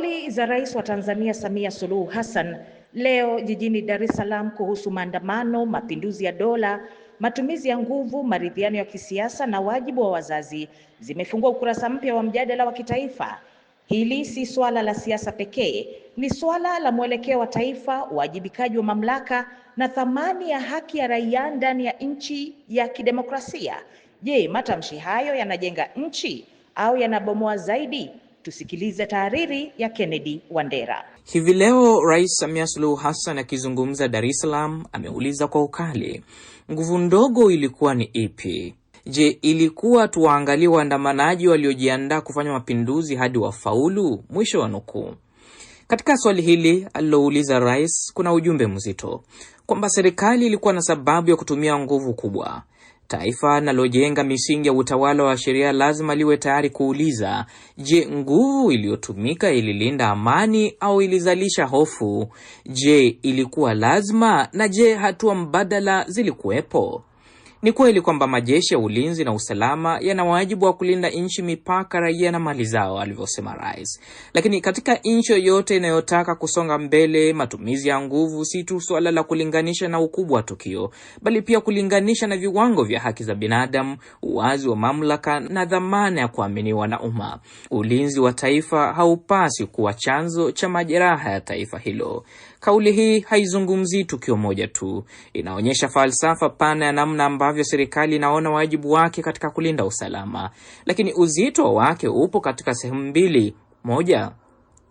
Kauli za Rais wa Tanzania Samia Suluhu Hassan leo jijini Dar es Salaam kuhusu maandamano, mapinduzi ya dola, matumizi ya nguvu, maridhiano ya kisiasa na wajibu wa wazazi zimefungua ukurasa mpya wa mjadala wa kitaifa. Hili si swala la siasa pekee, ni swala la mwelekeo wa taifa, uwajibikaji wa mamlaka na thamani ya haki ya raia ndani ya nchi ya kidemokrasia. Je, matamshi hayo yanajenga nchi au yanabomoa zaidi? Tusikilize taariri ya Kennedy Wandera. Hivi leo Rais Samia Suluhu Hassan akizungumza Dar es Salaam ameuliza kwa ukali, nguvu ndogo ilikuwa ni ipi? Je, ilikuwa tuwaangalie waandamanaji waliojiandaa kufanya mapinduzi hadi wafaulu? Mwisho wa nukuu. Katika swali hili alilouliza rais kuna ujumbe mzito kwamba serikali ilikuwa na sababu ya kutumia nguvu kubwa, Taifa linalojenga misingi ya utawala wa sheria lazima liwe tayari kuuliza, je, nguvu iliyotumika ililinda amani au ilizalisha hofu? Je, ilikuwa lazima? Na je, hatua mbadala zilikuwepo? Ni kweli kwamba majeshi ya ulinzi na usalama yana wajibu wa kulinda nchi, mipaka, raia na mali zao, alivyosema rais. Lakini katika nchi yoyote inayotaka kusonga mbele, matumizi ya nguvu si tu suala la kulinganisha na ukubwa wa tukio, bali pia kulinganisha na viwango vya haki za binadamu, uwazi wa mamlaka na dhamana ya kuaminiwa na umma. Ulinzi wa taifa haupasi kuwa chanzo cha majeraha ya taifa hilo. Kauli hii haizungumzii tukio moja tu, inaonyesha falsafa pana ya namna ambavyo serikali inaona wajibu wake katika kulinda usalama, lakini uzito wake upo katika sehemu mbili. Moja,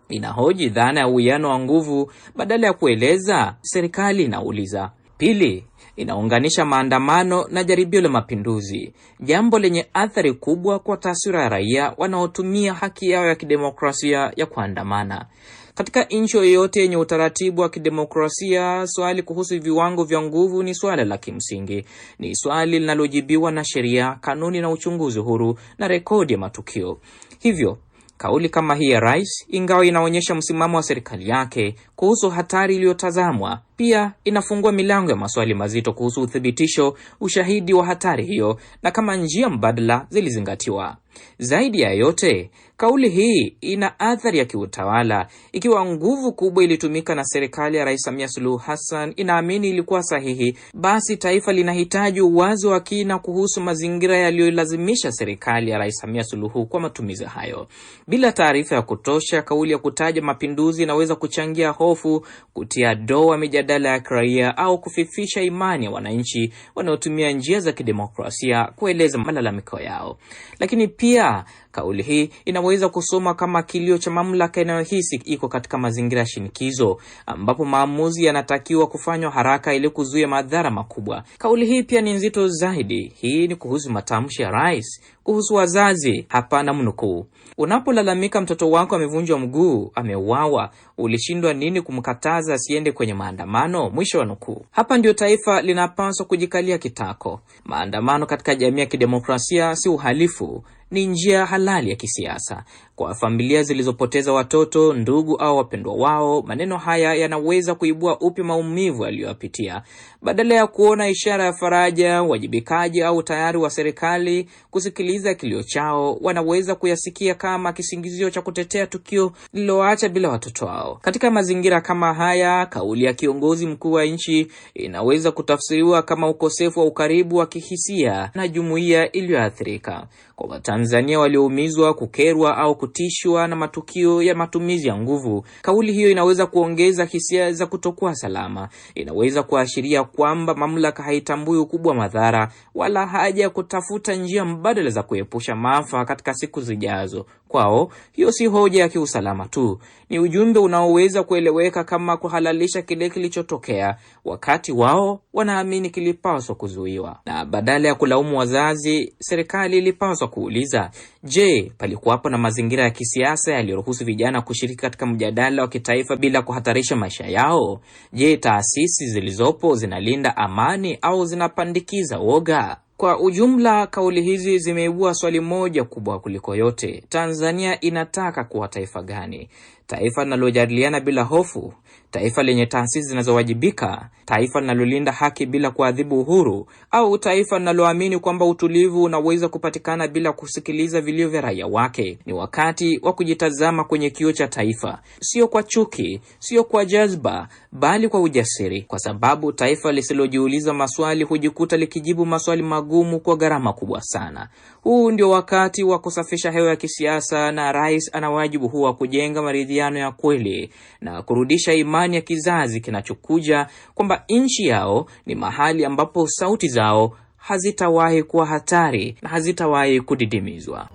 inahoji dhana ya uwiano wa nguvu badala ya kueleza serikali inauliza. Pili, inaunganisha maandamano na jaribio la mapinduzi, jambo lenye athari kubwa kwa taswira ya raia wanaotumia haki yao ya kidemokrasia ya kuandamana. Katika nchi yoyote yenye utaratibu wa kidemokrasia, swali kuhusu viwango vya nguvu ni swala la kimsingi. Ni swali linalojibiwa na sheria, kanuni na uchunguzi huru na rekodi ya matukio. Hivyo kauli kama hii ya rais, ingawa inaonyesha msimamo wa serikali yake kuhusu hatari iliyotazamwa, pia inafungua milango ya maswali mazito kuhusu uthibitisho, ushahidi wa hatari hiyo na kama njia mbadala zilizingatiwa. Zaidi ya yote, kauli hii ina athari ya kiutawala, ikiwa nguvu kubwa ilitumika na serikali ya Rais Samia Suluhu Hassan inaamini ilikuwa sahihi, basi taifa linahitaji uwazi wa kina kuhusu mazingira yaliyolazimisha serikali ya Rais Samia Suluhu kwa matumizi hayo. Bila taarifa ya kutosha, kauli ya kutaja mapinduzi inaweza kuchangia hofu, kutia doa mijadala ya kiraia, au kufifisha imani ya wananchi wanaotumia njia za kidemokrasia kueleza malalamiko yao. Lakini pia kauli hii inaweza kusoma kama kilio cha mamlaka inayohisi iko katika mazingira ya shinikizo, ambapo maamuzi yanatakiwa kufanywa haraka ili kuzuia madhara makubwa. Kauli hii pia ni nzito zaidi. Hii ni kuhusu matamshi ya rais kuhusu wazazi. Hapana mnukuu, unapolalamika mtoto wako amevunjwa mguu, ameuawa, ulishindwa nini kumkataza asiende kwenye maandamano? Mwisho wa nukuu. Hapa ndio taifa linapaswa kujikalia kitako. Maandamano katika jamii ya kidemokrasia si uhalifu, ni njia halali ya kisiasa. Kwa familia zilizopoteza watoto, ndugu au wapendwa wao, maneno haya yanaweza kuibua upya maumivu aliyoyapitia. Badala ya kuona ishara ya faraja, uwajibikaji au tayari wa serikali kusikiliza kilio chao, wanaweza kuyasikia kama kisingizio cha kutetea tukio lililoacha bila watoto wao. Katika mazingira kama haya, kauli ya kiongozi mkuu wa nchi inaweza kutafsiriwa kama ukosefu wa ukaribu wa kihisia na jumuiya iliyoathirika. Kwa Watanzania walioumizwa, kukerwa au kutishwa na matukio ya matumizi ya nguvu. Kauli hiyo inaweza kuongeza hisia za kutokuwa salama, inaweza kuashiria kwamba mamlaka haitambui ukubwa madhara wala haja ya kutafuta njia mbadala za kuepusha maafa katika siku zijazo. Kwao hiyo si hoja ya kiusalama tu, ni ujumbe unaoweza kueleweka kama kuhalalisha kile kilichotokea, wakati wao wanaamini kilipaswa kuzuiwa. Na badala ya kulaumu wazazi, serikali ilipaswa kuuliza, je, palikuwapo na mazingira mazingira ya kisiasa yaliyoruhusu vijana kushiriki katika mjadala wa kitaifa bila kuhatarisha maisha yao? Je, taasisi zilizopo zinalinda amani au zinapandikiza woga? Kwa ujumla, kauli hizi zimeibua swali moja kubwa kuliko yote: Tanzania inataka kuwa taifa gani? taifa linalojadiliana bila hofu, taifa lenye taasisi zinazowajibika, taifa linalolinda haki bila kuadhibu uhuru, au taifa linaloamini kwamba utulivu unaweza kupatikana bila kusikiliza vilio vya raia wake. Ni wakati wa kujitazama kwenye kio cha taifa, sio kwa chuki, sio kwa jazba, bali kwa ujasiri, kwa sababu taifa lisilojiuliza maswali hujikuta likijibu maswali magumu kwa gharama kubwa sana. Huu ndio wakati wa kusafisha hewa ya kisiasa, na rais ana wajibu huu wa kujenga maridhiano ya kweli na kurudisha imani ya kizazi kinachokuja kwamba nchi yao ni mahali ambapo sauti zao hazitawahi kuwa hatari na hazitawahi kudidimizwa.